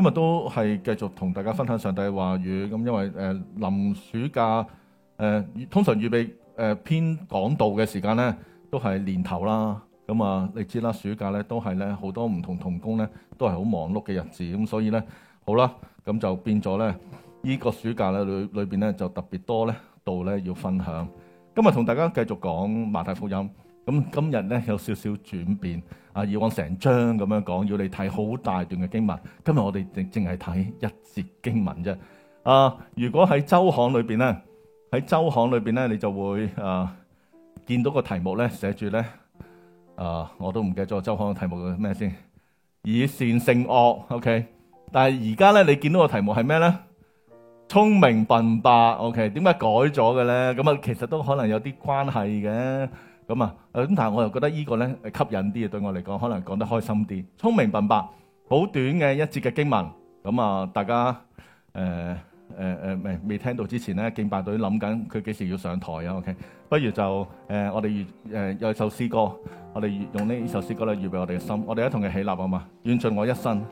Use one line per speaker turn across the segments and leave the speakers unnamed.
今日都係繼續同大家分享上帝話語，咁，因為誒臨、呃、暑假誒、呃、通常預備誒、呃、編講道嘅時間咧，都係年頭啦。咁啊，你知啦，暑假咧都係咧好多唔同同工咧都係好忙碌嘅日子咁，所以咧好啦，咁就變咗咧呢、呢個暑假咧裏裏邊咧就特別多咧道咧要分享。今日同大家繼續講馬太福音。咁今日咧有少少轉變啊！以往成章咁樣講，要你睇好大段嘅經文。今日我哋淨淨係睇一節經文啫。啊！如果喺週刊裏邊咧，喺週刊裏邊咧，你就會啊見到個題目咧寫住咧啊，我都唔記得咗週刊嘅題目係咩先。以善勝惡，OK。但係而家咧，你見到個題目係咩咧？聰明笨白，OK。點解改咗嘅咧？咁啊，其實都可能有啲關係嘅。咁、嗯、啊，咁但係我又覺得呢個呢個咧吸引啲，對我嚟講可能講得開心啲。聰明笨白，好短嘅一節嘅經文。咁、嗯、啊，大家誒誒誒未未聽到之前咧，敬拜隊諗緊佢幾時要上台啊？OK，不如就誒、呃、我哋誒、呃、有首詩歌，我哋用呢首詩歌嚟預備我哋嘅心，我哋一同佢起立啊嘛，獻盡我一生。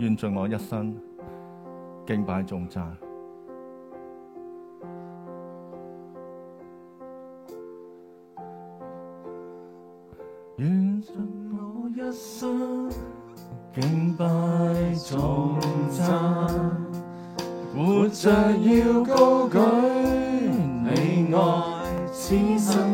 願盡我一生敬拜頌讚，願
盡我一生敬拜頌讚，活着要高舉你愛此生。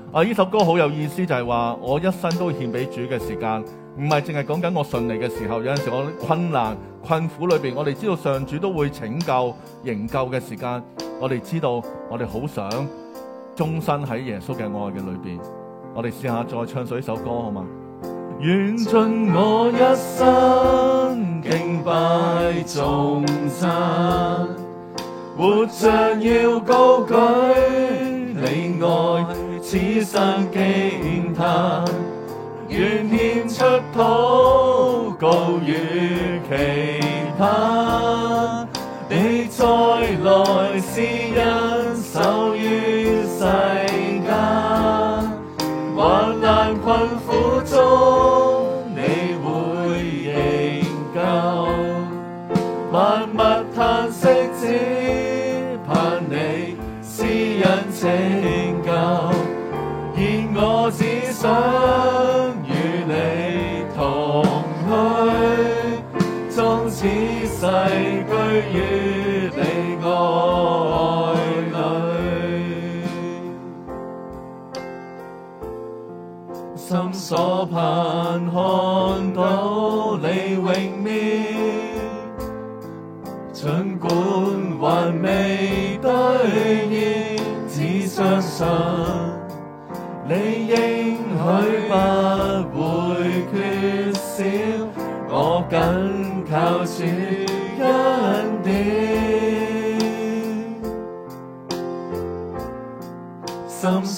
啊！呢首歌好有意思，就係話我一生都獻俾主嘅時間，唔係淨係講緊我順利嘅時候，有陣時我困難、困苦裏邊，我哋知道上主都會拯救、營救嘅時間，我哋知道我哋好想終身喺耶穌嘅愛嘅裏邊，我哋試下再唱首呢首歌好嘛？願盡我一生敬拜頌讚，
活着要高舉你愛。此生驚嘆，願獻出禱告與祈。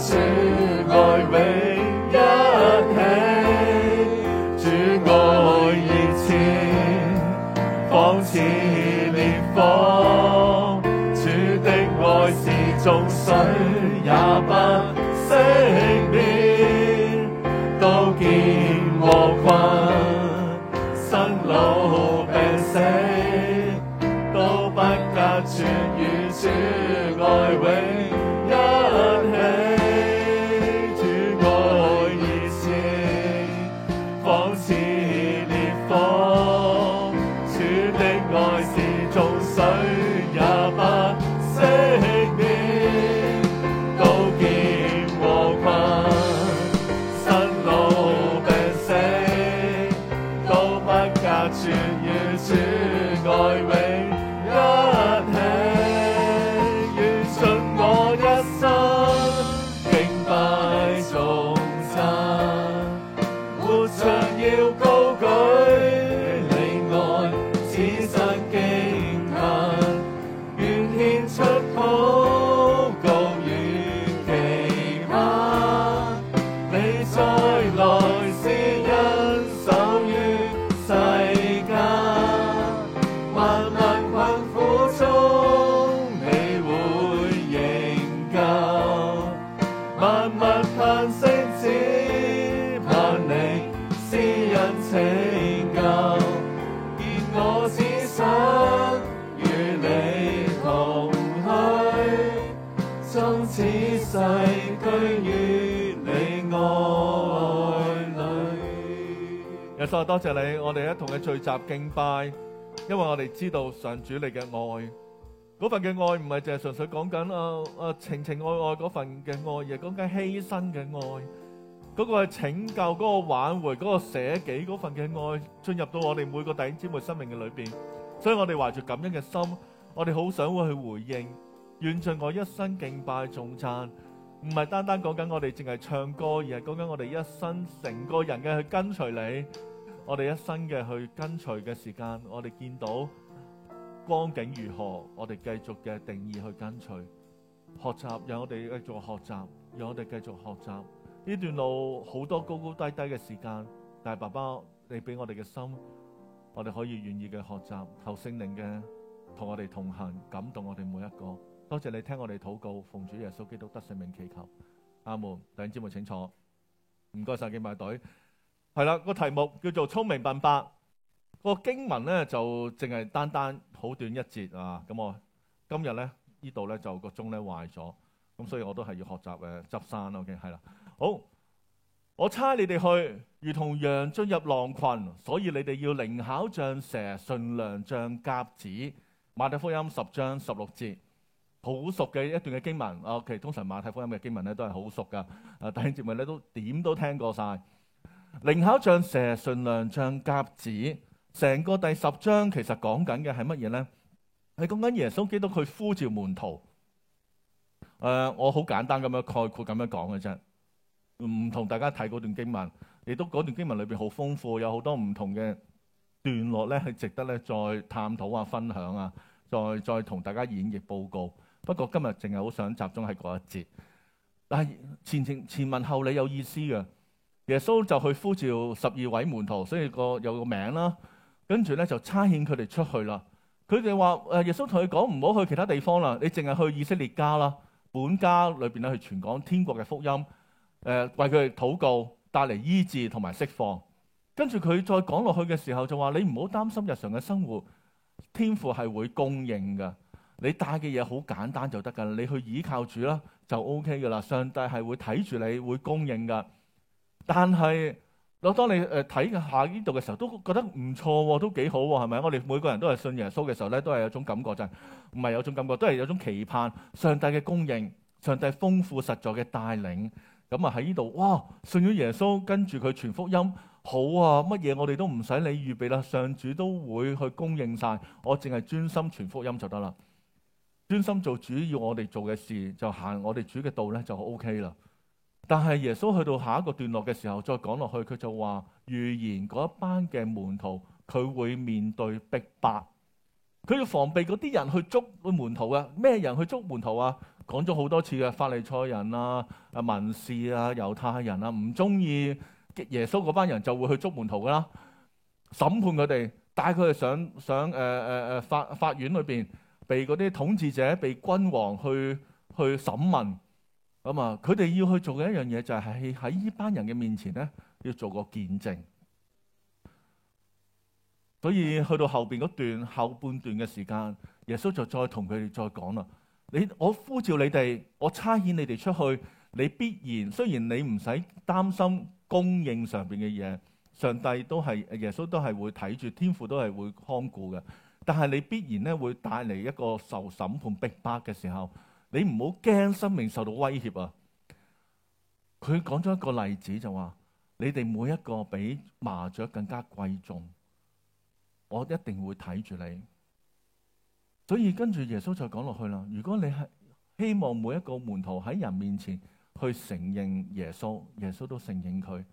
主愛永一起，主愛熱切，仿似烈火。主的愛是眾水，也不熄滅。都見禍困，生老病死都不隔絕，與主愛永。
多謝你，我哋一同嘅聚集敬拜，因為我哋知道上主你嘅愛，嗰份嘅愛唔係淨係純粹講緊啊啊情情愛愛嗰份嘅愛，而係講緊犧牲嘅愛，嗰個係拯救，嗰個挽回、嗰個捨己嗰份嘅愛，進入到我哋每個弟兄姊妹生命嘅裏邊。所以我哋懷住感恩嘅心，我哋好想會去回應，願盡我一生敬拜頌讚，唔係單單講緊我哋淨係唱歌，而係講緊我哋一生成個人嘅去跟隨你。我哋一生嘅去跟隨嘅時間，我哋見到光景如何，我哋繼續嘅定義去跟隨學習，讓我哋繼續學習，讓我哋繼續學習。呢段路好多高高低低嘅時間，但係爸爸你俾我哋嘅心，我哋可以願意嘅學習，求聖靈嘅同我哋同行，感動我哋每一個。多謝你聽我哋禱告，奉主耶穌基督得勝名祈求。阿門。弟兄姊妹請坐，唔該晒，敬拜隊。係啦，那個題目叫做《聰明笨伯》那，個經文咧就淨係單單好短一節啊。咁我今日咧呢度咧就個鐘咧壞咗，咁所以我都係要學習誒執生啦。O K，係啦，好，我差你哋去如同羊進入狼群，所以你哋要靈巧像蛇，馴良像鴿子。馬太福音十章十六節，好熟嘅一段嘅經文。O、OK, K，通常馬太福音嘅經文咧都係好熟噶。誒、啊，第一節目咧都點都聽過晒。靈巧像蛇，馴良像鴿子，成個第十章其實講緊嘅係乜嘢咧？係講緊耶穌基督佢呼召門徒。誒、呃，我好簡單咁樣概括咁樣講嘅啫，唔同大家睇嗰段經文。亦都嗰段經文裏邊好豐富，有好多唔同嘅段落咧，係值得咧再探討啊、分享啊、再再同大家演繹報告。不過今日淨係好想集中喺嗰一節。但係前情前文後理有意思嘅。耶穌就去呼召十二位門徒，所以個有個名啦。跟住咧就差遣佢哋出去啦。佢哋話：誒耶穌同佢講，唔好去其他地方啦，你淨係去以色列家啦，本家裏邊咧去傳講天國嘅福音，誒為佢哋禱告，帶嚟醫治同埋釋放。跟住佢再講落去嘅時候就，就話你唔好擔心日常嘅生活，天父係會供應㗎。你帶嘅嘢好簡單就得㗎，你去倚靠主啦就 O K 㗎啦。上帝係會睇住你，會供應㗎。但係我當你誒睇下呢度嘅時候，都覺得唔錯，都幾好係咪？我哋每個人都係信耶穌嘅時候咧，都係有種感覺，就係唔係有種感覺，都係有種期盼上帝嘅供應，上帝豐富實在嘅帶領。咁啊喺呢度，哇！信咗耶穌，跟住佢傳福音，好啊！乜嘢我哋都唔使你預備啦，上主都會去供應晒，我淨係專心傳福音就得啦。專心做主要我哋做嘅事，就行我哋主嘅道咧，就 OK 啦。但係耶穌去到下一個段落嘅時候，再講落去，佢就話預言嗰一班嘅門徒，佢會面對逼迫，佢要防備嗰啲人去捉門徒嘅。咩人去捉門徒啊？講咗好多次嘅法利賽人啊、啊文士啊、猶太人啊，唔中意耶穌嗰班人就會去捉門徒噶啦，審判佢哋，帶佢哋上上誒誒誒法法院裏邊，被嗰啲統治者、被君王去去審問。咁啊！佢哋要去做嘅一樣嘢就係喺喺呢班人嘅面前咧，要做個見證。所以去到後邊嗰段後半段嘅時間，耶穌就再同佢哋再講啦。你我呼召你哋，我差遣你哋出去，你必然雖然你唔使擔心供應上邊嘅嘢，上帝都係耶穌都係會睇住，天父都係會看顧嘅。但係你必然咧會帶嚟一個受審判逼迫嘅時候。你唔好驚生命受到威脅啊！佢講咗一個例子就話：你哋每一個比麻雀更加貴重，我一定會睇住你。所以跟住耶穌就講落去啦。如果你係希望每一個門徒喺人面前去承認耶穌，耶穌都承認佢。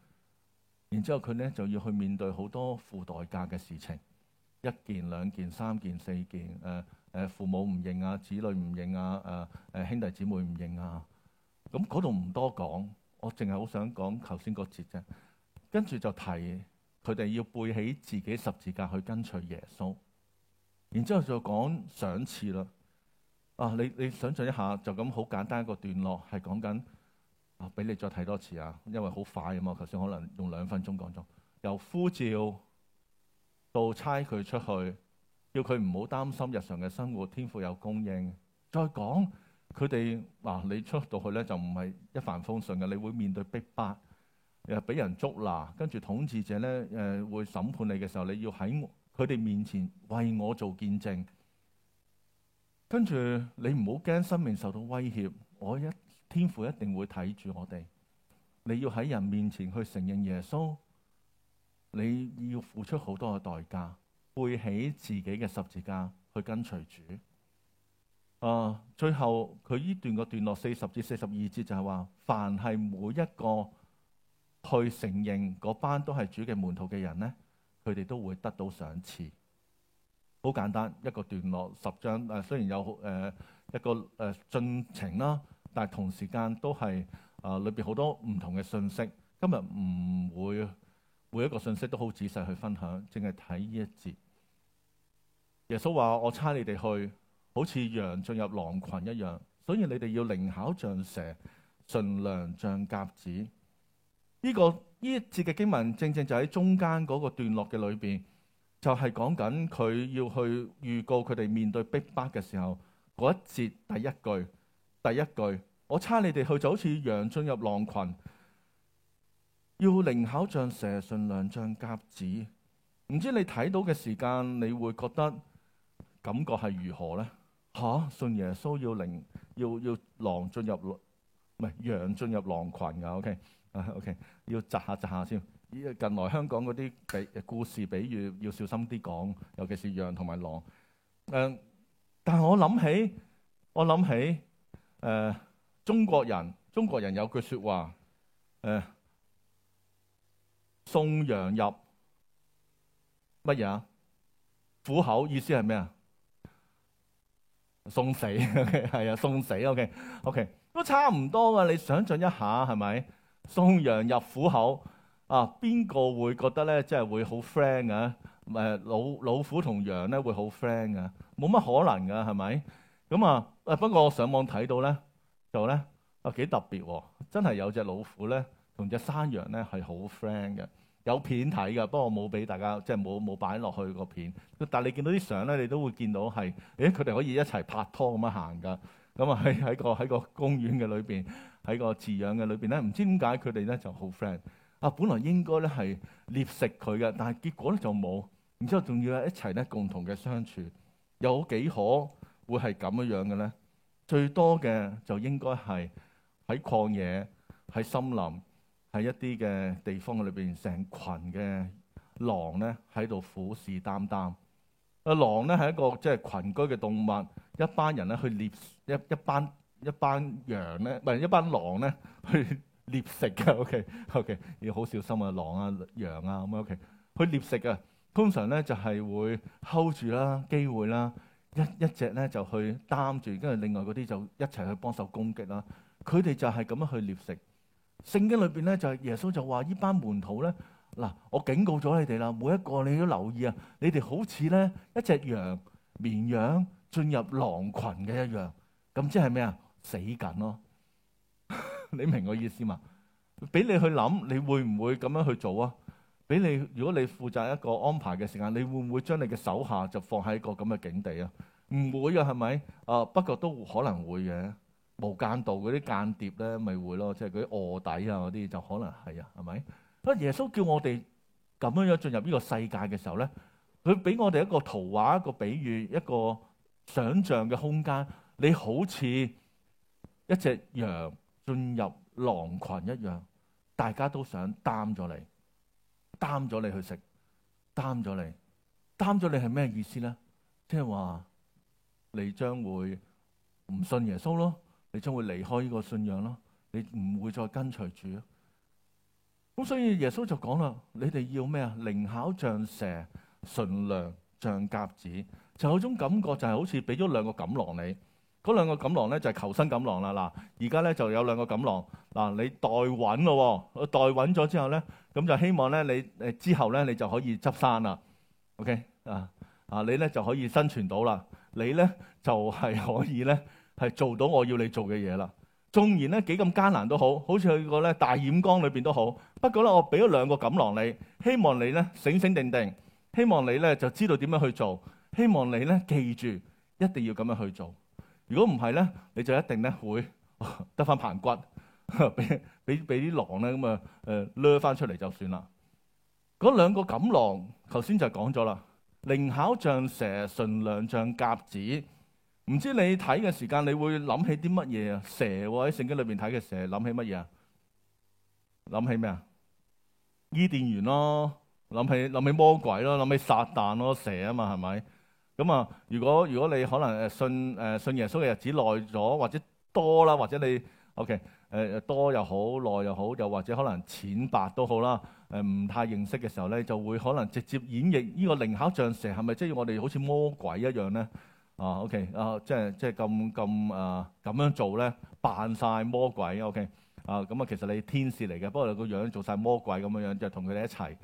然之後佢呢就要去面對好多付代價嘅事情，一件、兩件、三件、四件誒、呃。誒，父母唔認啊，子女唔認啊，誒、啊，誒、啊，兄弟姊妹唔認啊，咁嗰度唔多講，我淨係好想講頭先嗰節啫，跟住就提佢哋要背起自己十字架去跟隨耶穌，然之後就講賞賜啦。啊，你你想象一下，就咁好簡單一個段落，係講緊啊，俾你再睇多次啊，因為好快啊嘛，頭先可能用兩分鐘講咗，由呼召到差佢出去。叫佢唔好擔心日常嘅生活，天父有供應。再講佢哋嗱，你出到去咧就唔係一帆風順嘅，你會面對逼迫，誒，俾人捉拿，跟住統治者咧誒會審判你嘅時候，你要喺佢哋面前為我做見證。跟住你唔好驚生命受到威脅，我一天父一定會睇住我哋。你要喺人面前去承認耶穌，你要付出好多嘅代價。背起自己嘅十字架去跟隨主。啊，最後佢呢段個段落四十至四十二節就係話，凡係每一個去承認嗰班都係主嘅門徒嘅人呢，佢哋都會得到賞賜。好簡單一個段落，十章誒、啊，雖然有誒、呃、一個誒進、呃、程啦，但係同時間都係啊裏邊好多唔同嘅信息。今日唔會每一個信息都好仔細去分享，淨係睇呢一節。耶穌話：我差你哋去，好似羊進入狼群一樣，所以你哋要靈巧像蛇，純良像鴿子。呢、這個呢一節嘅經文，正正就喺中間嗰個段落嘅裏邊，就係、是、講緊佢要去預告佢哋面對逼迫嘅時候嗰一節第一句。第一句，我差你哋去就好似羊進入狼群，要靈巧像蛇，純良像鴿子。唔知你睇到嘅時間，你會覺得？感覺係如何咧？吓、啊，信耶穌要令要要狼進入，唔係羊進入狼群㗎，OK 啊 OK，要窒下窒下先。依近來香港嗰啲比故事比喻要，要小心啲講，尤其是羊同埋狼。誒、呃，但我諗起，我諗起誒、呃、中國人，中國人有句説話誒、呃，送羊入乜嘢啊？虎口意思係咩啊？送死，okay，係啊，送死，O K，O K，都差唔多啊。你想象一下，係咪送羊入虎口啊？邊個會覺得咧，即係會好 friend 啊？誒，老老虎同羊咧會好 friend 啊？冇乜可能噶，係咪咁啊？誒，不過我上網睇到咧，就咧啊，幾特別，啊，真係有隻老虎咧同隻山羊咧係好 friend 嘅。有片睇噶，不過我冇俾大家，即係冇冇擺落去個片。但係你見到啲相咧，你都會見到係，誒佢哋可以一齊拍拖咁樣行噶。咁啊喺喺個喺個公園嘅裏邊，喺個飼養嘅裏邊咧，唔知點解佢哋咧就好 friend。啊，本來應該咧係獵食佢嘅，但係結果咧就冇。然之後仲要一齊咧共同嘅相處，有幾可會係咁樣樣嘅咧？最多嘅就應該係喺曠野、喺森林。喺一啲嘅地方裏邊，成群嘅狼咧喺度虎視眈眈。啊狼咧係一個即係、就是、群居嘅動物，一班人咧去獵一一班一班羊咧，唔係一班狼咧去獵食嘅。OK OK，要好小心啊，狼啊羊啊咁樣。OK，去獵食啊通常咧就係、是、會 hold 住啦，機會啦，一一隻咧就去擔住，跟住另外啲就一齊去幫手攻擊啦。佢哋就係咁樣去獵食。聖經裏邊咧就係耶穌就話：依班門徒咧，嗱，我警告咗你哋啦，每一個你都留意啊，你哋好似咧一隻羊、綿羊進入狼羣嘅一樣，咁即係咩啊？死緊咯！你明我意思嘛？俾你去諗，你會唔會咁樣去做啊？俾你如果你負責一個安排嘅時間，你會唔會將你嘅手下就放喺一個咁嘅境地啊？唔會啊，係咪？啊，不過都可能會嘅。無間道嗰啲間諜咧，咪會咯，即係嗰啲臥底啊，嗰啲就可能係啊，係咪？不過耶穌叫我哋咁樣樣進入呢個世界嘅時候咧，佢俾我哋一個圖畫、一個比喻、一個想象嘅空間。你好似一隻羊進入狼羣一樣，大家都想擔咗你，擔咗你去食，擔咗你，擔咗你係咩意思咧？即係話你將會唔信耶穌咯。你將會離開呢個信仰咯，你唔會再跟隨主。咁所以耶穌就講啦，你哋要咩啊？靈巧像蛇，馴良像鴿子，就有種感覺就係好似俾咗兩個錦囊你。嗰兩個錦囊咧就係求生錦囊啦。嗱，而家咧就有兩個錦囊，嗱，你袋穩咯，袋穩咗之後咧，咁就希望咧你誒之後咧你就可以執生啦。OK 啊啊，你咧就可以生存到啦，你咧就係可以咧。係做到我要你做嘅嘢啦。縱然咧幾咁艱難都好，好似去個咧大染缸裏邊都好。不過咧，我俾咗兩個錦囊，你，希望你咧醒醒定定，希望你咧就知道點樣去做，希望你咧記住一定要咁樣去做。如果唔係咧，你就一定咧會得翻棚骨，俾俾俾啲狼咧咁啊誒掠翻出嚟就算啦。嗰兩個錦囊頭先就講咗啦，靈巧像蛇，馴良像鴿子。唔知你睇嘅時間你會諗起啲乜嘢啊？蛇喺聖經裏邊睇嘅蛇，諗起乜嘢啊？諗起咩啊？伊甸園咯，諗起諗起魔鬼咯，諗起撒旦咯，蛇啊嘛係咪？咁啊，如果如果你可能誒信誒、呃、信耶穌嘅日子耐咗或者多啦，或者你 OK 誒、呃、多又好，耐又好，又或者可能淺白都好啦，誒、呃、唔太認識嘅時候咧，就會可能直接演繹呢個靈巧像蛇係咪即係我哋好似魔鬼一樣咧？啊，OK，啊、uh，即係即係咁咁啊，咁樣、呃、樣做咧，扮晒魔鬼 OK 啊，咁啊，其實你是天使嚟嘅，不過你個樣做晒魔鬼咁樣樣，就同佢哋一齊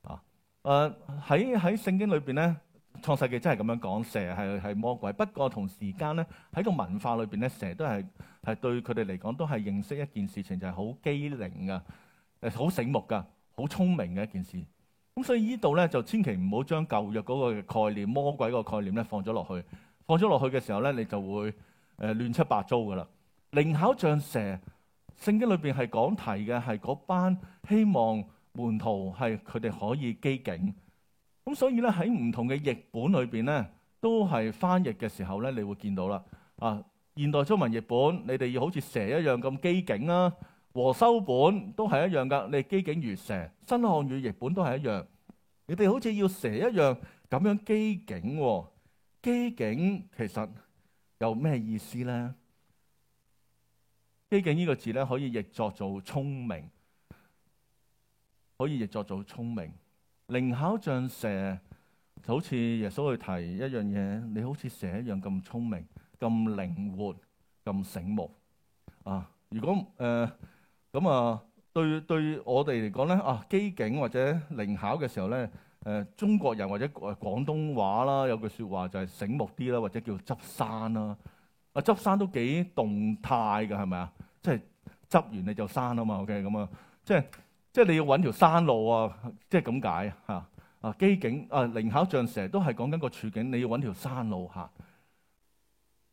啊。誒、uh，喺喺聖經裏邊咧，創世記真係咁樣講，蛇係係魔鬼。不過同時間咧，喺個文化裏邊咧，蛇都係係對佢哋嚟講都係認識一件事情，就係、是、好機靈嘅，係好醒目嘅，好聰明嘅一件事。咁所以這裡呢度咧就千祈唔好將舊約嗰個概念魔鬼個概念咧放咗落去。放咗落去嘅時候咧，你就會誒、呃、亂七八糟噶啦。靈巧像蛇，聖經裏邊係講題嘅係嗰班希望門徒係佢哋可以機警。咁所以咧喺唔同嘅譯本裏邊咧，都係翻譯嘅時候咧，你會見到啦。啊，現代中文譯本，你哋要好似蛇一樣咁機警啊，和修本都係一樣噶，你機警如蛇。新漢語譯本都係一樣，你哋好似要蛇一樣咁樣機警喎。機警其實有咩意思咧？機警呢個字咧，可以譯作做聰明，可以譯作做聰明。靈巧像蛇，就好似耶穌去提一樣嘢，你好似蛇一樣咁聰明、咁靈活、咁醒目啊！如果誒咁、呃、啊，對對我哋嚟講咧，啊機警或者靈巧嘅時候咧。呃、中國人或者誒、呃、廣東話啦，有句說話就係醒目啲啦，或者叫執山啦。啊，執山都幾動態㗎，係咪啊？即係執完你就山啊嘛。OK 咁啊，即係即係你要揾條山路啊，即係咁解嚇啊，機警啊靈巧像蛇，都係講緊個處境，你要揾條山路嚇、啊。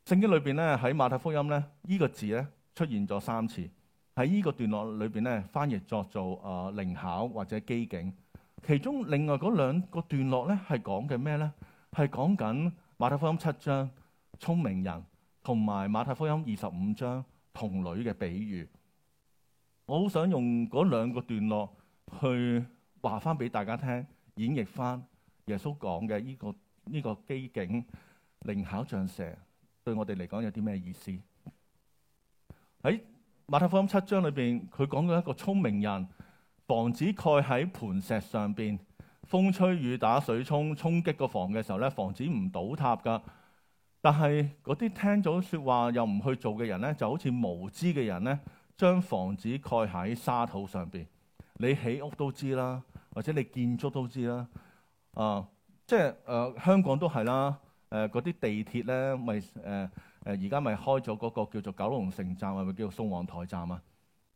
聖經裏邊咧喺馬太福音咧，呢、呢個字咧出現咗三次喺呢個段落裏邊咧，翻譯作做啊靈巧或者機警。其中另外嗰兩個段落咧，係講嘅咩咧？係講緊馬太福音七章聰明人，同埋馬太福音二十五章同類嘅比喻。我好想用嗰兩個段落去話翻俾大家聽，演繹翻耶穌講嘅呢個呢個機警靈巧像蛇，對我哋嚟講有啲咩意思？喺馬太福音七章裏邊，佢講緊一個聰明人。房子蓋喺磐石上邊，風吹雨打、水沖沖擊個房嘅時候咧，房子唔倒塌噶。但係嗰啲聽咗說話又唔去做嘅人咧，就好似無知嘅人咧，將房子蓋喺沙土上邊。你起屋都知啦，或者你建築都知啦。啊，即係誒、呃，香港都係啦。誒、呃，嗰啲地鐵咧，咪誒誒，而家咪開咗嗰個叫做九龍城站，係咪叫做宋皇臺站啊？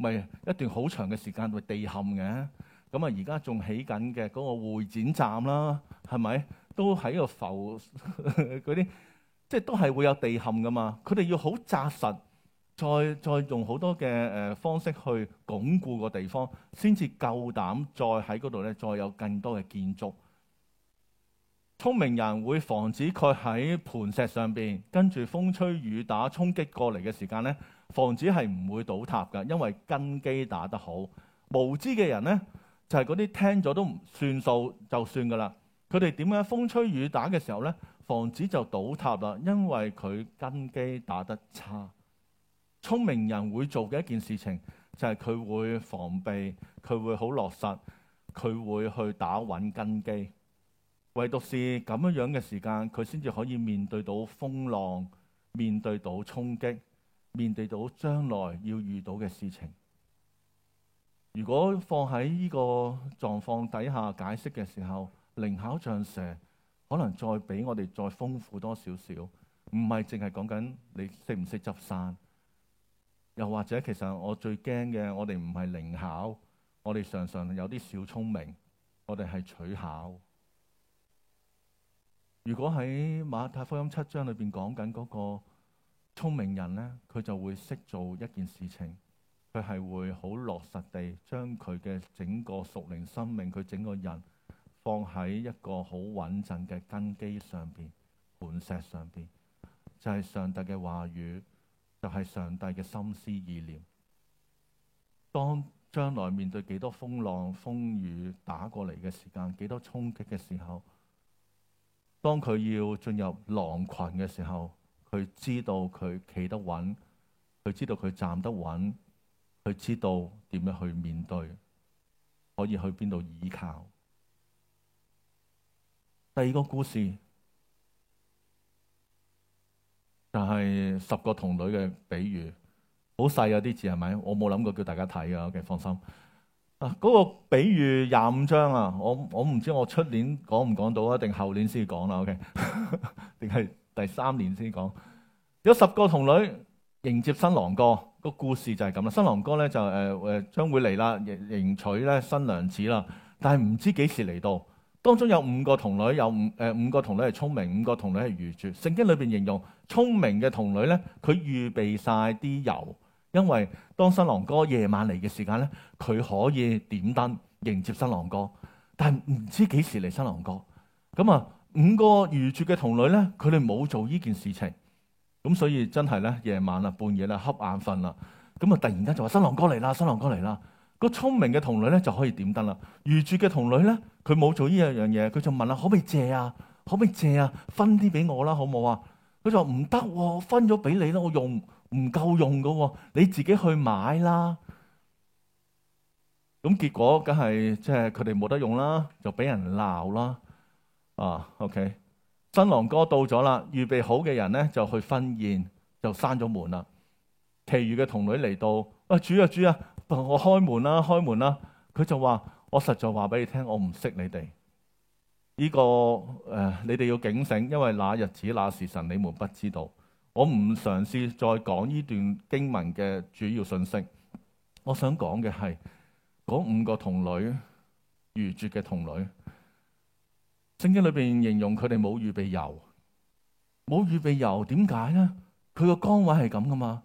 咪一段好長嘅時間，會地陷嘅。咁啊，而家仲起緊嘅嗰個會展站啦，係咪都喺個浮嗰啲，即係都係會有地陷噶嘛？佢哋要好紮實，再再用好多嘅、呃、方式去鞏固個地方，先至夠膽再喺嗰度咧，再有更多嘅建築。聰明人會防止佢喺磐石上面，跟住風吹雨打衝擊過嚟嘅時間咧。房子係唔會倒塌㗎，因為根基打得好。無知嘅人呢，就係嗰啲聽咗都唔算數，就算㗎啦。佢哋點解風吹雨打嘅時候呢，房子就倒塌啦？因為佢根基打得差。聰明人會做嘅一件事情就係、是、佢會防備，佢會好落實，佢會去打穩根基。唯獨是咁樣樣嘅時間，佢先至可以面對到風浪，面對到衝擊。面對到將來要遇到嘅事情，如果放喺呢個狀況底下解釋嘅時候，靈巧像蛇可能再畀我哋再豐富多少少，唔係淨係講緊你識唔識執生，又或者其實我最驚嘅，我哋唔係靈巧，我哋常常有啲小聰明，我哋係取巧。如果喺馬太福音七章裏邊講緊嗰個。聰明人呢，佢就會識做一件事情，佢係會好落實地將佢嘅整個屬靈生命，佢整個人放喺一個好穩陣嘅根基上邊、磐石上邊，就係、是、上帝嘅話語，就係、是、上帝嘅心思意念。當將來面對幾多風浪、風雨打過嚟嘅時間，幾多衝擊嘅時候，當佢要進入狼群嘅時候。佢知道佢企得穩，佢知道佢站得穩，佢知道點樣去面對，可以去邊度依靠。第二個故事就係、是、十個童女嘅比喻，好細啊啲字係咪？我冇諗過叫大家睇啊，OK，放心。啊，嗰個比喻廿五章啊，我我唔知我出年講唔講到啊，定後年先講啦，OK，定係。第三年先講，有十個童女迎接新郎哥，個故事就係咁啦。新郎哥咧就誒誒將會嚟啦，迎迎娶咧新娘子啦。但係唔知幾時嚟到。當中有五個童女，有五誒、呃、五個童女係聰明，五個童女係愚拙。聖經裏邊形容聰明嘅童女咧，佢預備晒啲油，因為當新郎哥夜晚嚟嘅時間咧，佢可以點燈迎接新郎哥，但係唔知幾時嚟新郎哥。咁啊～五個愚拙嘅童女咧，佢哋冇做呢件事情，咁所以真係咧夜晚啦、半夜啦、瞌眼瞓啦，咁啊突然間就話新郎哥嚟啦，新郎哥嚟啦，新郎哥那個聰明嘅童女咧就可以點燈啦，愚拙嘅童女咧佢冇做呢一樣嘢，佢就問啊可唔可以借啊，可唔可以借啊，分啲俾我啦，好唔好啊？佢就話唔得，我分咗俾你啦，我用唔夠用噶、啊，你自己去買啦。咁結果梗係即係佢哋冇得用啦，就俾人鬧啦。啊、ah,，OK，新郎哥到咗啦，預備好嘅人呢就去婚宴，就閂咗門啦。其餘嘅童女嚟到，啊，主啊主啊，我開門啦、啊、開門啦、啊。佢就話：我實在話俾你聽，我唔識你哋。呢、這個誒、呃，你哋要警醒，因為那日子那時辰你們不知道。我唔嘗試再講呢段經文嘅主要信息。我想講嘅係嗰五個童女，愚拙嘅童女。聖經裏邊形容佢哋冇預備油，冇預備油，點解呢？佢個崗位係咁噶嘛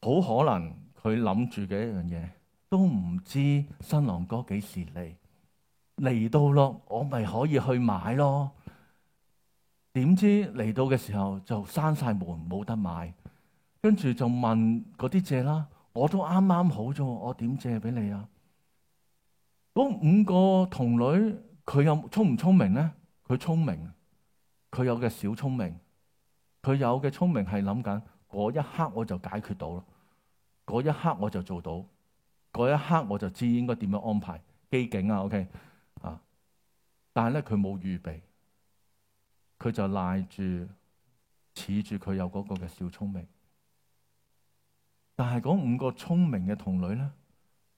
好可能佢諗住嘅一樣嘢，都唔知新郎哥幾時嚟，嚟到咯，我咪可以去買咯。點知嚟到嘅時候就閂晒門了，冇得買，跟住就問嗰啲借啦。我都啱啱好咗，我點借俾你啊？嗰五個童女。佢有聰唔聰明咧？佢聰明，佢有嘅小聰明，佢有嘅聰明係諗緊嗰一刻我就解決到咯，嗰一刻我就做到，嗰一刻我就知應該點樣安排機警啊！OK 啊，但係咧，佢冇預備，佢就賴住恃住佢有嗰個嘅小聰明，但係嗰五個聰明嘅童女咧，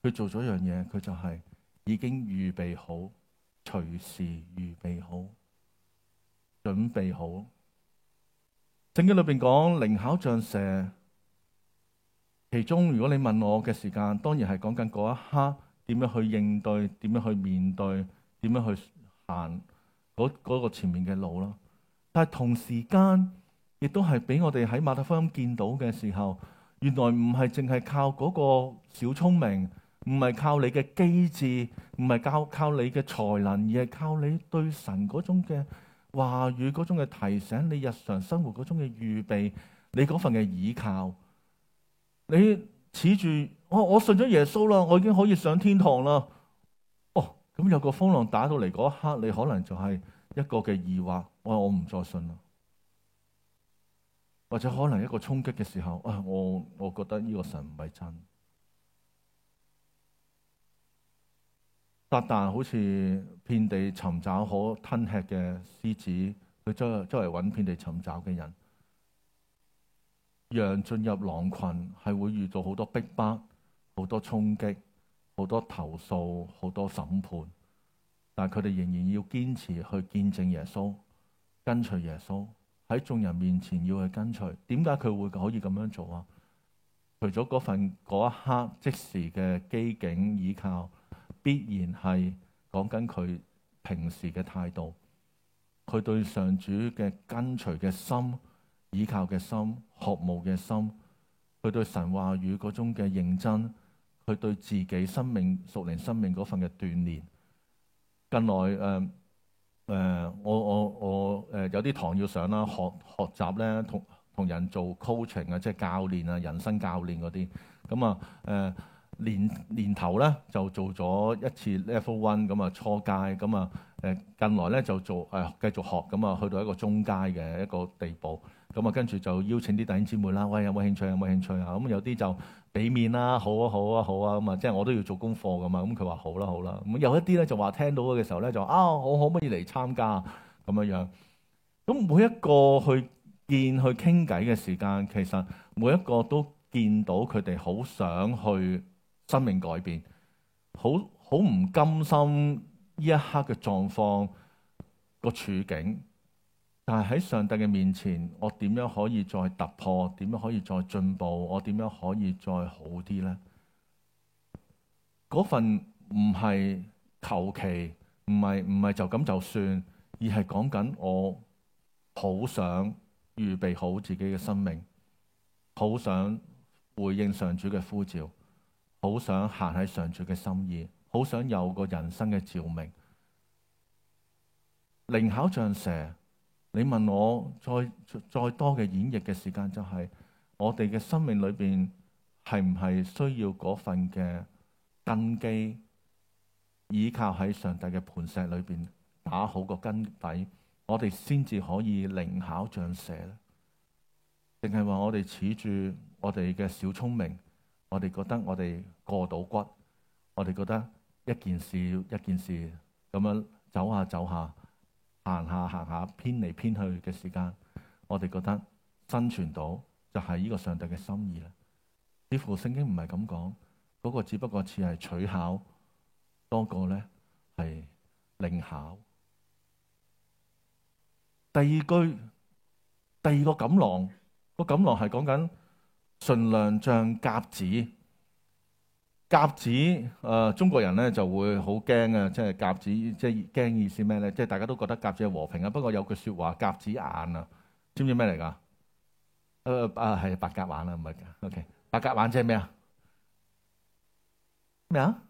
佢做咗一樣嘢，佢就係已經預備好。隨時預備好，準備好。聖經裏邊講靈巧像蛇，其中如果你問我嘅時間，當然係講緊嗰一刻點樣去應對，點樣去面對，點樣去行嗰嗰個前面嘅路咯。但係同時間亦都係俾我哋喺馬太福音見到嘅時候，原來唔係淨係靠嗰個小聰明。唔係靠你嘅機智，唔係靠靠你嘅才能，而係靠你對神嗰種嘅話語、嗰種嘅提醒，你日常生活嗰種嘅預備，你嗰份嘅倚靠。你恃住我，哦，我信咗耶穌啦，我已經可以上天堂啦。哦，咁有個風浪打到嚟嗰一刻，你可能就係一個嘅疑惑，哎，我我唔再信啦。或者可能一個衝擊嘅時候，啊、哎，我我覺得呢個神唔係真。撒但好似遍地尋找可吞吃嘅獅子，佢周周圍揾遍地尋找嘅人。羊進入狼群係會遇到好多逼迫、迫、好多衝擊、好多投訴、好多審判，但係佢哋仍然要堅持去見證耶穌、跟隨耶穌。喺眾人面前要去跟隨，點解佢會可以咁樣做啊？除咗嗰份嗰一刻即時嘅機警，依靠。必然係講緊佢平時嘅態度，佢對上主嘅跟隨嘅心、倚靠嘅心、渴慕嘅心，佢對神話語嗰種嘅認真，佢對自己生命、熟齡生命嗰份嘅鍛鍊。近來誒誒、呃，我我我誒有啲堂要上啦，學學習咧同同人做 coaching 啊，即係教練啊，人生教練嗰啲。咁啊誒。呃年年頭咧就做咗一次 level one 咁啊初階，咁啊誒近來咧就做誒、呃、繼續學，咁啊去到一個中階嘅一個地步。咁啊跟住就邀請啲弟兄姊妹啦，喂，有冇興趣？有冇興趣啊？咁有啲就俾面啦，好啊好啊好啊，咁啊即係我都要做功課㗎嘛，咁佢話好啦、啊、好啦、啊、咁有一啲咧就話聽到嘅時候咧，就啊我可唔可以嚟參加？咁樣樣，咁每一個去見去傾偈嘅時間，其實每一個都見到佢哋好想去。生命改變，好好唔甘心呢一刻嘅狀況個處境，但係喺上帝嘅面前，我點樣可以再突破？點樣可以再進步？我點樣可以再好啲呢？嗰份唔係求其，唔係唔係就咁就算，而係講緊我好想預備好自己嘅生命，好想回應上主嘅呼召。好想行喺上主嘅心意，好想有個人生嘅照明。靈巧像蛇，你問我再再多嘅演繹嘅時間，就是，就係我哋嘅生命裏邊係唔係需要嗰份嘅根基，依靠喺上帝嘅磐石裏邊打好個根底，我哋先至可以靈巧像蛇咧，定係話我哋恃住我哋嘅小聰明，我哋覺得我哋。過到骨，我哋覺得一件事一件事咁樣走下走下，行下行下，偏嚟偏去嘅時間，我哋覺得生存到就係呢個上帝嘅心意啦。似乎聖經唔係咁講，嗰個只不過似係取巧多過咧係靈巧。第二句，第二個錦囊，嗰個錦囊係講緊純良像鴿子。鴿子，誒、呃、中國人咧就會好驚嘅，即係鴿子，即係驚意思咩咧？即係大家都覺得鴿子係和平啊。不過有句説話，鴿子眼啊，知唔知咩嚟㗎？誒誒係白鴿眼啦，唔係。O、okay, K，白鴿眼即係咩啊？咩啊？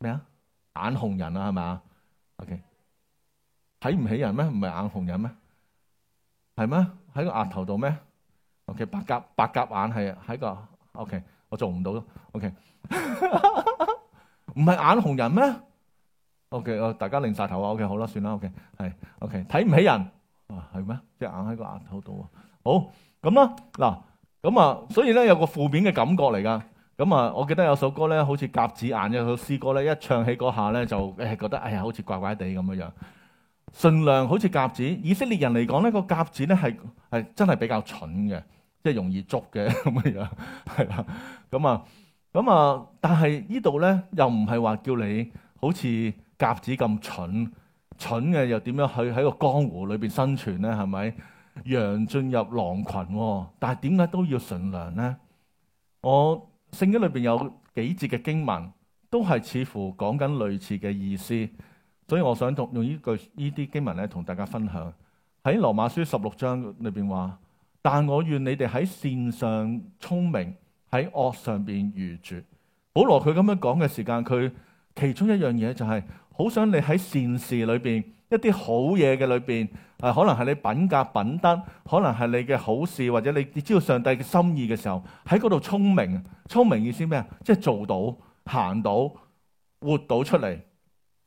咩啊？眼紅人啦係咪啊？O K，睇唔起人咩？唔係眼紅人咩？係咩？喺個額頭度咩？O K，白鴿白鴿眼係喺個 O K。Okay, 我做唔到咯，OK，唔 係眼紅人咩？OK，我大家擰晒頭啊，OK，好啦，算啦，OK，係，OK，睇唔起人，係、啊、咩？即隻眼喺個額頭度啊，好咁啦，嗱，咁啊，所以咧有個負面嘅感覺嚟噶，咁啊，我記得有首歌咧，好似鴿子眼有首詩歌咧，一唱起嗰下咧就誒覺得哎呀好似怪怪地咁樣樣，馴良好似鴿子，以色列人嚟講呢，個鴿子咧係係真係比較蠢嘅。即係容易捉嘅咁嘅樣，係 啦，咁、嗯、啊，咁、嗯、啊、嗯嗯，但係呢度咧，又唔係話叫你好似鴿子咁蠢，蠢嘅又點樣去喺個江湖裏邊生存咧？係咪羊進入狼群，哦，但係點解都要馴良咧？我聖經裏邊有幾節嘅經文，都係似乎講緊類似嘅意思，所以我想用用呢句呢啲經文咧，同大家分享喺羅馬書十六章裏邊話。但我願你哋喺善上聰明，喺惡上邊愚拙。保羅佢咁樣講嘅時間，佢其中一樣嘢就係好想你喺善事裏邊一啲好嘢嘅裏邊，誒、啊，可能係你品格品德，可能係你嘅好事，或者你知道上帝嘅心意嘅時候，喺嗰度聰明，聰明意思咩啊？即係做到行到活到出嚟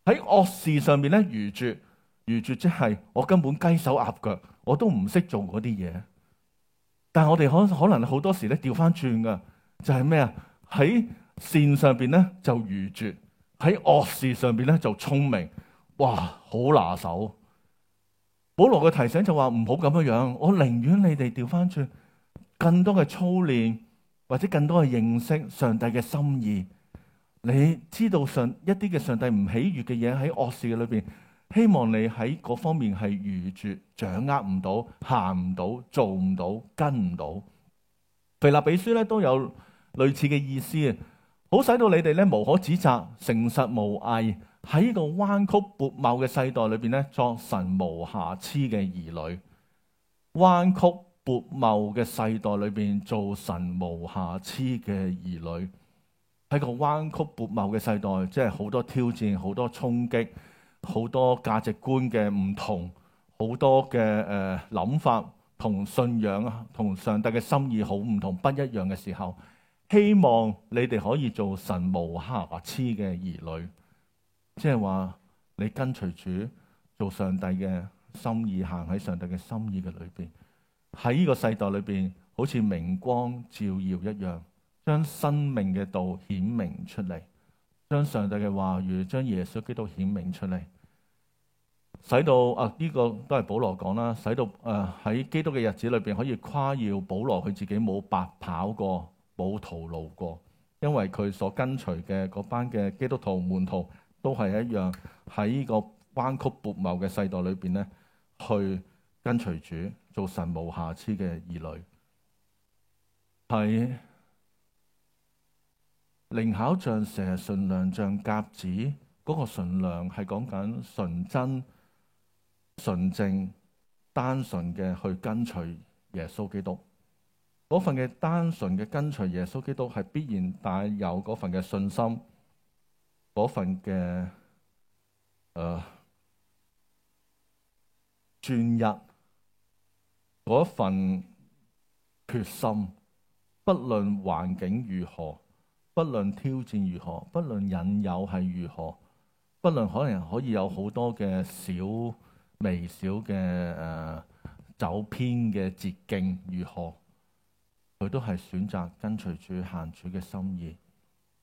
喺惡事上邊咧愚拙，愚拙，即係我根本雞手鴨腳，我都唔識做嗰啲嘢。但係我哋可可能好多時咧調翻轉噶，就係咩啊？喺善上邊咧就愚拙，喺惡事上邊咧就聰明，哇，好拿手。保羅嘅提醒就話唔好咁樣樣，我寧願你哋調翻轉，更多嘅操練或者更多嘅認識上帝嘅心意，你知道上一啲嘅上帝唔喜悦嘅嘢，喺惡事嘅裏邊。希望你喺嗰方面係預絕掌握唔到、行唔到、做唔到、跟唔到。腓立比書咧都有類似嘅意思，好使到你哋咧無可指責、誠實無偽，喺個彎曲悖謬嘅世代裏邊咧作神無瑕疵嘅兒女。彎曲悖謬嘅世代裏邊做神無瑕疵嘅兒女，喺個彎曲悖謬嘅世代，即係好多挑戰、好多衝擊。好多價值觀嘅唔同，好多嘅誒諗法同信仰同上帝嘅心意好唔同，不一樣嘅時候，希望你哋可以做神無瑕疵嘅兒女，即係話你跟隨主，做上帝嘅心意，行喺上帝嘅心意嘅裏邊，喺呢個世代裏邊，好似明光照耀一樣，將生命嘅道顯明出嚟。將上帝嘅話語，將耶穌基督顯明出嚟，使到啊呢、這個都係保羅講啦，使到誒喺基督嘅日子裏邊可以誇耀，保羅佢自己冇白跑過，冇徒勞過，因為佢所跟隨嘅嗰班嘅基督徒門徒都係一樣喺呢個彎曲悖謬嘅世代裏邊咧，去跟隨主做神無瑕疵嘅兒女。係。靈巧像蛇，純良像鴿子。嗰、嗰個純良係講緊純真、純正、單純嘅去跟隨耶穌基督。嗰份嘅單純嘅跟隨耶穌基督係必然帶有嗰份嘅信心，嗰份嘅誒專一，嗰份決心，不論環境如何。不論挑戰如何，不論引誘係如何，不論可能可以有好多嘅小微小嘅誒、呃、走偏嘅捷徑如何，佢都係選擇跟隨住行主嘅心意，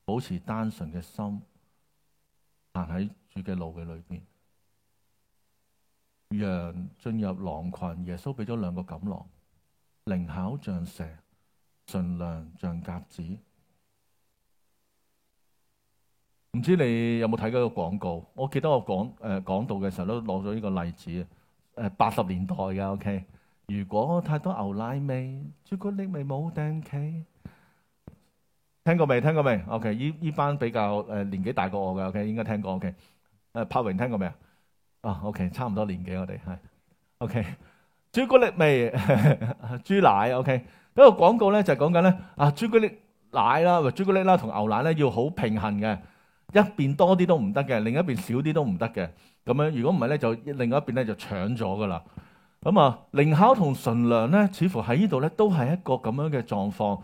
保持單純嘅心，行喺主嘅路嘅裏邊。羊進入狼群，耶穌俾咗兩個錦囊靈巧像蛇，馴良像鴿子。唔知你有冇睇過個廣告？我記得我講誒、呃、講到嘅時候都攞咗呢個例子誒，八、呃、十年代嘅。O、OK、K，如果太多牛奶味、朱古力味冇定期聽過未？聽過未？O K，依依班比較誒、呃、年紀大過我嘅，O K 應該聽過。O K，誒柏榮聽過未啊？啊，O K，差唔多年紀我，我哋係 O K。朱古力味、豬 奶，O K。嗰、OK 那個廣告咧就係、是、講緊咧啊，朱古力奶啦，或、啊、朱古力啦，同牛奶咧要好平衡嘅。一邊多啲都唔得嘅，另一邊少啲都唔得嘅。咁樣如果唔係咧，就另外一邊咧就搶咗㗎喇。咁啊，靈巧同純良咧，似乎喺呢度咧都係一個咁樣嘅狀況。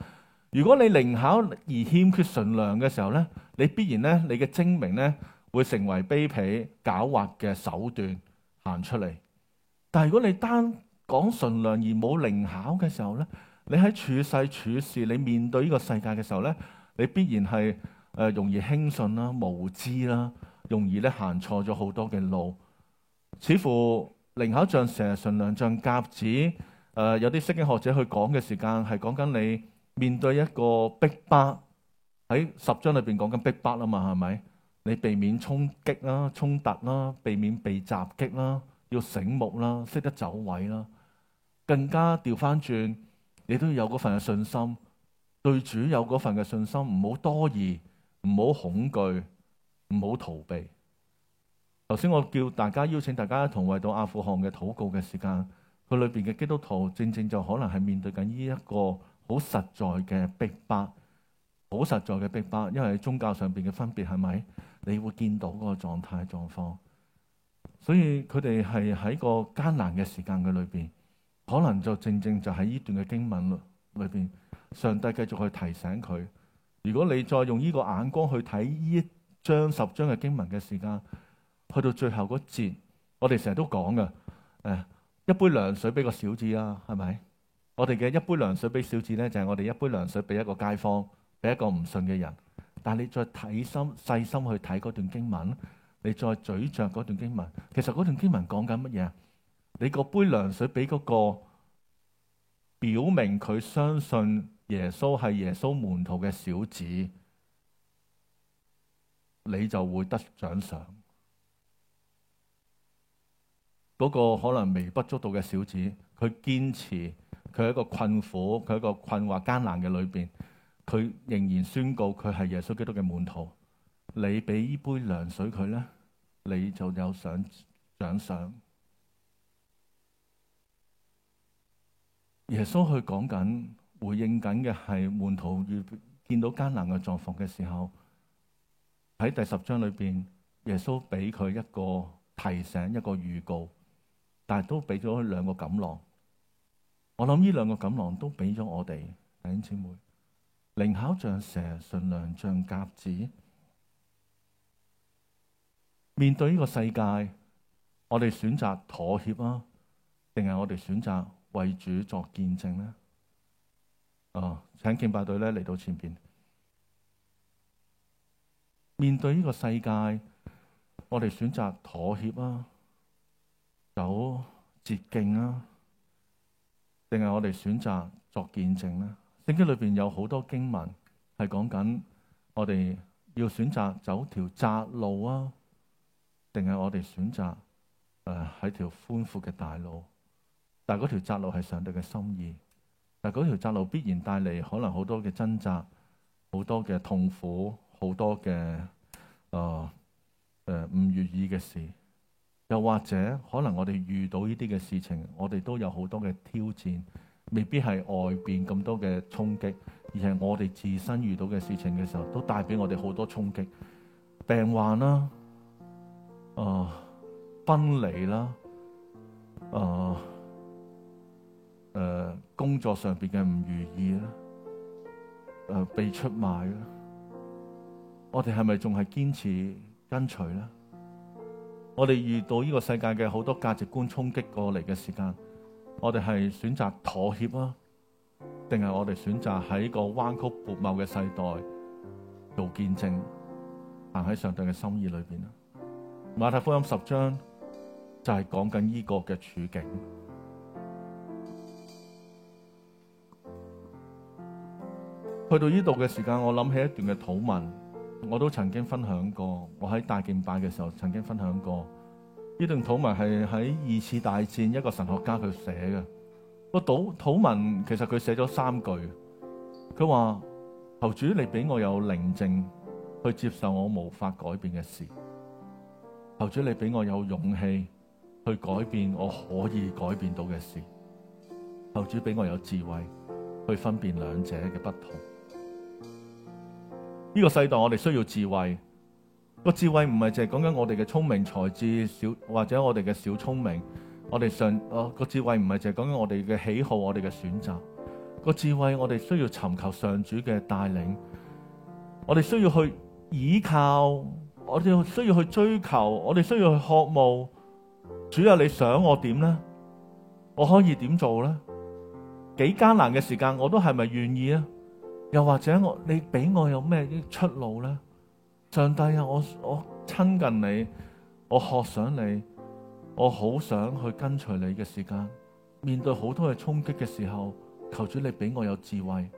如果你靈巧而欠缺純良嘅時候咧，你必然咧你嘅精明咧會成為卑鄙狡猾嘅手段行出嚟。但係如果你單講純良而冇靈巧嘅時候咧，你喺處世處事，你面對呢個世界嘅時候咧，你必然係。誒容易輕信啦、無知啦，容易咧行錯咗好多嘅路。似乎靈巧像蛇，成日馴良像鴿子，誒、呃、有啲釋經學者去講嘅時間係講緊你面對一個逼迫，喺十章裏邊講緊逼迫啊嘛，係咪？你避免衝擊啦、衝突啦，避免被襲擊啦，要醒目啦、識得走位啦。更加調翻轉，你都要有嗰份嘅信心，對主有嗰份嘅信心，唔好多疑。唔好恐懼，唔好逃避。頭先我叫大家邀請大家一同為到阿富汗嘅禱告嘅時間，佢裏邊嘅基督徒正正就可能係面對緊呢一個好實在嘅逼迫，好實在嘅逼迫。因為宗教上邊嘅分別係咪？你會見到嗰個狀態狀況，所以佢哋係喺個艱難嘅時間嘅裏邊，可能就正正就喺呢段嘅經文咯裏邊，上帝繼續去提醒佢。如果你再用呢個眼光去睇呢一章十章嘅經文嘅時間，去到最後嗰節，我哋成日都講嘅，誒、哎，一杯涼水俾個小子啦，啊，係咪？我哋嘅一杯涼水俾小子呢，就係我哋一杯涼水俾一個街坊，俾一個唔信嘅人。但係你再睇心細心去睇嗰段經文，你再咀嚼嗰段經文，其實嗰段經文講緊乜嘢？你個杯涼水俾嗰個，表明佢相信。耶穌係耶穌門徒嘅小子，你就會得獎賞。嗰、那個可能微不足道嘅小子，佢堅持，佢喺一個困苦、佢喺一個困惑艱的、艱難嘅裏邊，佢仍然宣告佢係耶穌基督嘅門徒。你俾依杯涼水佢咧，你就有想獎賞。耶穌去講緊。回應緊嘅係門徒遇見到艱難嘅狀況嘅時候，喺第十章裏邊，耶穌俾佢一個提醒、一個預告，但係都俾咗兩個錦囊。我諗呢兩個錦囊都俾咗我哋弟兄姊妹，靈巧像蛇，馴良像鴿子。面對呢個世界，我哋選擇妥協啊，定係我哋選擇為主作見證呢？啊、哦，請敬拜隊咧嚟到前邊，面對呢個世界，我哋選擇妥協啦、啊，走捷徑啦、啊，定係我哋選擇作見證咧？聖經裏邊有好多經文係講緊，我哋要選擇走條窄路啊，定係我哋選擇誒喺條寬闊嘅大路，但係嗰條窄路係上帝嘅心意。嗱，嗰條窄路必然帶嚟可能好多嘅掙扎，好多嘅痛苦，好多嘅誒誒唔願意嘅事。又或者可能我哋遇到呢啲嘅事情，我哋都有好多嘅挑戰，未必係外邊咁多嘅衝擊，而係我哋自身遇到嘅事情嘅時候，都帶俾我哋好多衝擊。病患啦、啊，誒、呃，分離啦、啊，誒、呃。誒、呃，工作上邊嘅唔如意啦，誒、呃，被出賣啦，我哋係咪仲係堅持跟隨咧？我哋遇到呢個世界嘅好多價值觀衝擊過嚟嘅時間，我哋係選擇妥協啦、啊，定係我哋選擇喺個彎曲悖謬嘅世代度見證，行喺上帝嘅心意裏邊啊？馬太福音十章就係講緊呢個嘅處境。去到呢度嘅時間，我諗起一段嘅禱文，我都曾經分享過。我喺大敬拜嘅時候曾經分享過呢段禱文，係喺二次大戰一個神學家佢寫嘅。個禱文其實佢寫咗三句，佢話：求主你俾我有寧靜去接受我無法改變嘅事；求主你俾我有勇氣去改變我可以改變到嘅事；求主俾我有智慧去分辨兩者嘅不同。呢、這個世代我哋需要智慧，個智慧唔係淨係講緊我哋嘅聰明才智小或者我哋嘅小聰明，我哋上哦個智慧唔係淨係講緊我哋嘅喜好我哋嘅選擇，個智慧我哋需要尋求上主嘅帶領，我哋需要去倚靠，我哋需要去追求，我哋需要去渴慕，主啊，你想我點呢？我可以點做咧？幾艱難嘅時間我都係咪願意啊？又或者我你俾我有咩啲出路呢？上帝啊，我我親近你，我學想你，我好想去跟隨你嘅時間。面對好多嘅衝擊嘅時候，求主你俾我有智慧，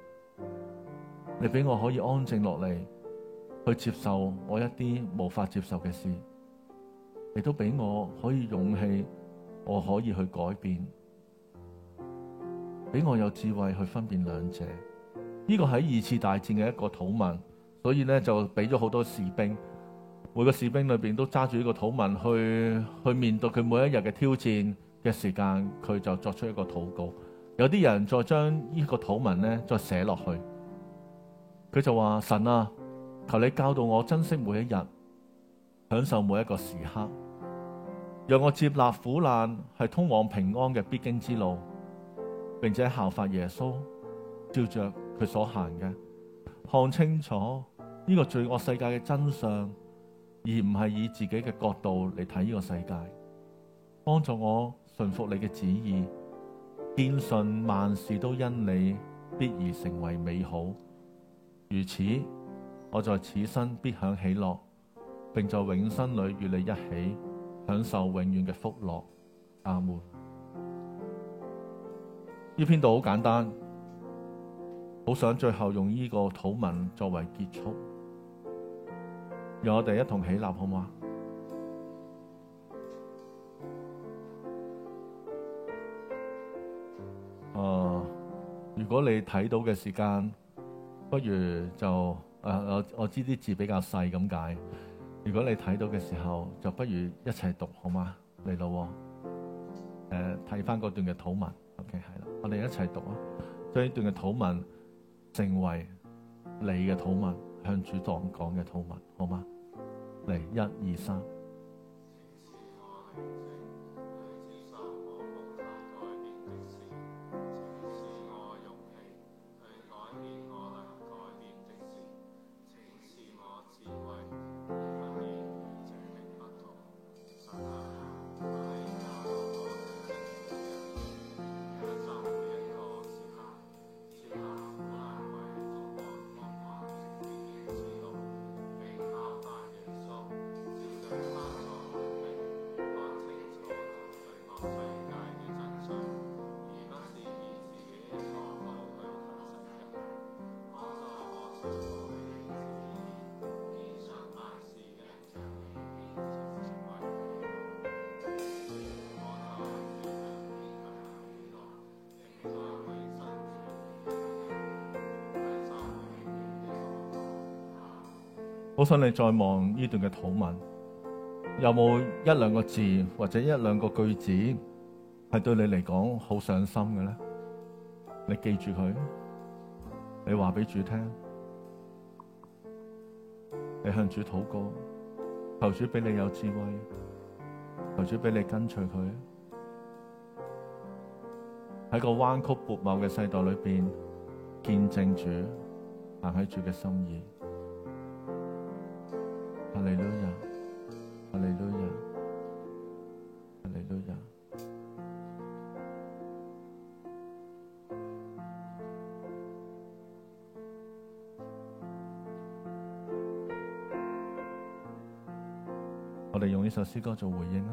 你俾我可以安靜落嚟去接受我一啲無法接受嘅事，你都俾我可以勇氣，我可以去改變，俾我有智慧去分辨兩者。呢、這個喺二次大戰嘅一個禱文，所以呢，就俾咗好多士兵，每個士兵裏面都揸住呢個禱文去去面對佢每一日嘅挑戰嘅時間，佢就作出一個禱告。有啲人再將呢個禱文呢再寫落去，佢就話：神啊，求你教導我珍惜每一日，享受每一個時刻，讓我接納苦難係通往平安嘅必經之路，並且效法耶穌，照着。佢所行嘅，看清楚呢個罪惡世界嘅真相，而唔係以自己嘅角度嚟睇呢個世界。幫助我順服你嘅旨意，堅信萬事都因你，必而成為美好。如此，我在此生必享喜樂，並在永生裏與你一起享受永遠嘅福樂。阿門。呢篇道好簡單。好想最後用呢個禱文作為結束，讓我哋一同起立好嗎？好唔好啊？誒，如果你睇到嘅時間，不如就誒、呃，我我知啲字比較細咁解。如果你睇到嘅時候，就不如一齊讀好嗎？好嘛？嚟、呃、到，誒，睇翻嗰段嘅禱文，OK，係啦，我哋一齊讀啊，將呢段嘅禱文。成為你嘅禱文，向主黨講嘅禱文，好嗎？嚟，一、二、三。我想你再望呢段嘅禱文，有冇一兩個字或者一兩個句子係對你嚟講好上心嘅咧？你記住佢，你話俾主聽，你向主禱告，求主俾你有智慧，求主俾你跟隨佢，喺個彎曲悖謬嘅世代裏邊見證住行喺主嘅心意。我哋用呢首詩歌做回應啊！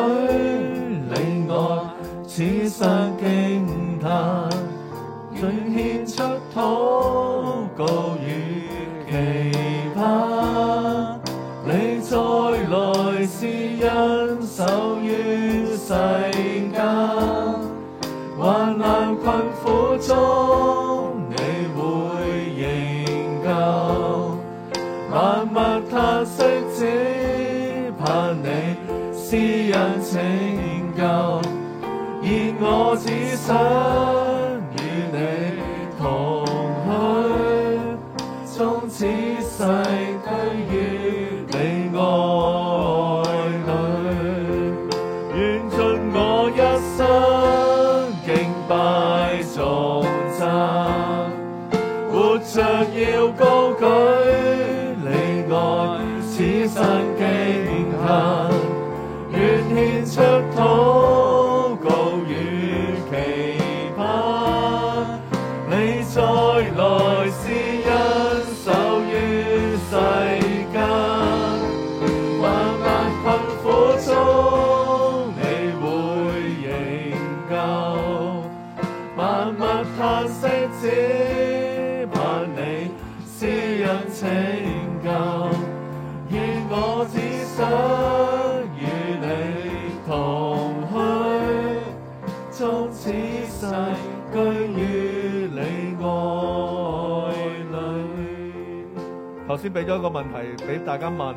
俾咗一個問題俾大家問，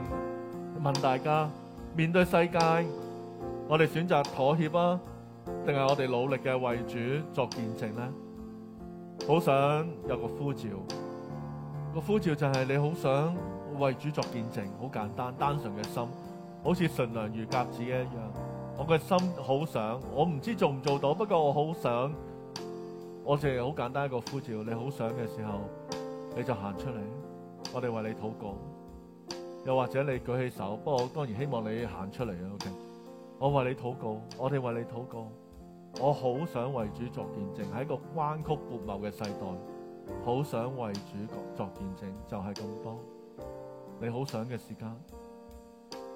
問大家面對世界，我哋選擇妥協啊，定係我哋努力嘅為主作見證呢？好想有個呼召，個呼召就係你好想為主作見證，好簡單單純嘅心，好似純良如鴿子一樣。我嘅心好想，我唔知做唔做到，不過我好想，我淨係好簡單一個呼召。你好想嘅時候，你就行出嚟。我哋為你禱告，又或者你舉起手，不過我當然希望你行出嚟啊！Okay? 我為你禱告，我哋為你禱告，我好想為主作見證，喺一個彎曲悖謬嘅世代，好想為主作見證，就係、是、咁多。你好想嘅時間，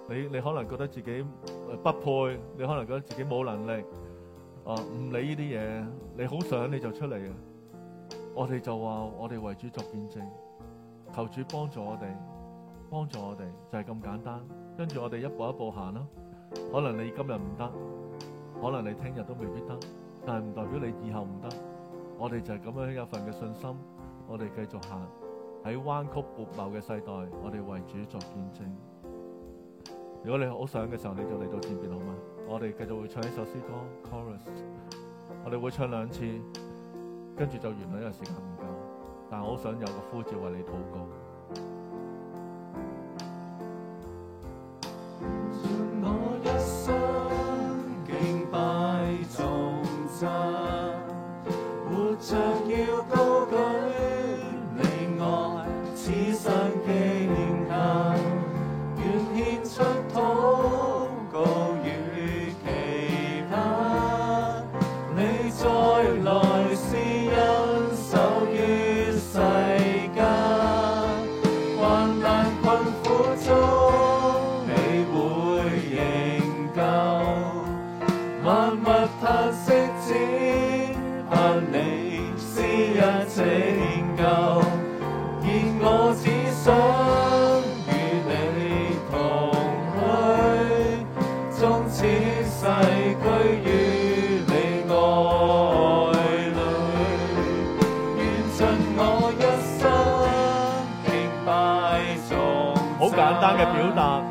你你可能覺得自己不配，你可能覺得自己冇能力，啊、呃、唔理呢啲嘢，你好想你就出嚟啊！我哋就話我哋為主作見證。求主幫助我哋，幫助我哋就係咁簡單，跟住我哋一步一步行啦，可能你今日唔得，可能你聽日都未必得，但係唔代表你以後唔得。我哋就係咁樣有一份嘅信心，我哋繼續行喺彎曲悖謬嘅世代，我哋為主作見證。如果你好想嘅時候，你就嚟到前面好嗎？我哋繼續會唱一首詩歌 chorus，我哋會唱兩次，跟住就原來有時間唔到。但我好想有個呼召為你禱告。
嘅表達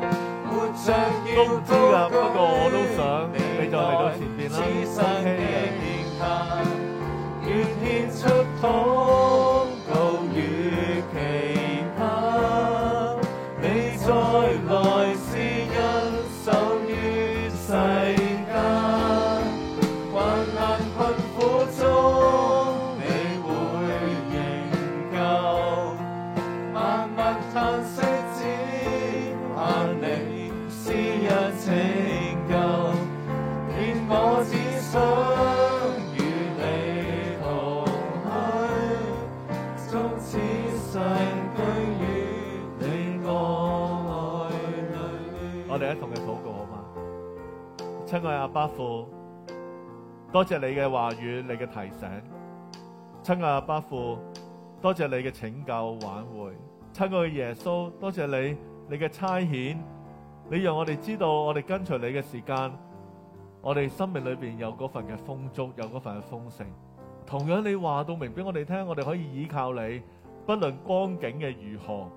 都唔知㗎，不過我都想你再嚟到前邊啦。Okay.
爸父，多謝你嘅話語，你嘅提醒，親啊，爸父，多謝你嘅拯救挽回，親愛嘅耶穌，多謝你，你嘅差遣，你讓我哋知道我哋跟隨你嘅時間，我哋生命裏邊有嗰份嘅豐足，有嗰份嘅豐盛。同樣你話到明俾我哋聽，我哋可以依靠你，不論光景嘅如何，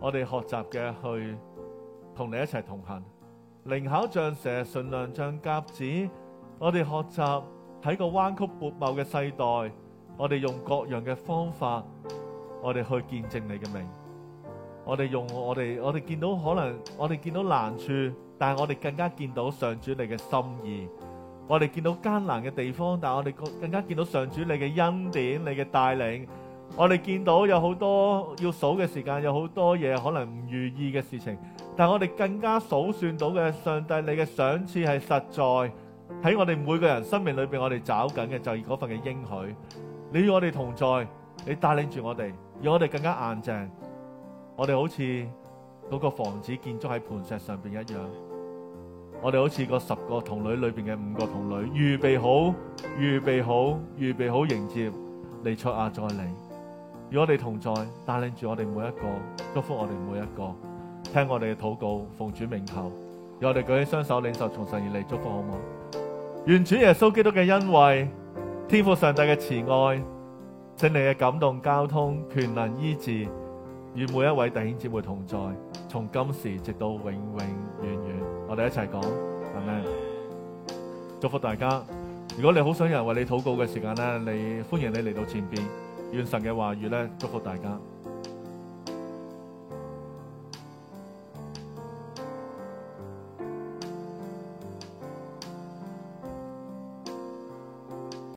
我哋學習嘅去同你一齊同行。靈巧像蛇，馴良像鴿子。我哋學習喺個彎曲悖謬嘅世代，我哋用各樣嘅方法，我哋去見證你嘅名。我哋用我哋，我哋見到可能我哋見到難處，但係我哋更加見到上主你嘅心意。我哋見到艱難嘅地方，但係我哋更更加見到上主你嘅恩典、你嘅帶領。我哋見到有好多要數嘅時間，有好多嘢可能唔如意嘅事情。但係我哋更加數算到嘅，上帝你嘅賞賜係實在喺我哋每個人生命裏邊，我哋找緊嘅就係嗰份嘅應許。你與我哋同在，你帶領住我哋，與我哋更加硬淨。我哋好似嗰個房子建築喺磐石上邊一樣，我哋好似個十個童女裏邊嘅五個童女，預備好，預備好，預備好迎接彌賽亞再嚟。與我哋同在，帶領住我哋每一個，祝福我哋每一個。聽我哋嘅禱告，奉主名求，與我哋舉起雙手，領受從神而嚟祝福，好唔好？願主耶穌基督嘅恩惠、天父上帝嘅慈愛、聖靈嘅感動、交通、權能醫治，與每一位弟兄姊妹同在，從今時直到永永遠遠，我哋一齊講，係咪？祝福大家！如果你好想有人為你禱告嘅時間咧，你歡迎你嚟到前邊，願神嘅話語咧祝福大家。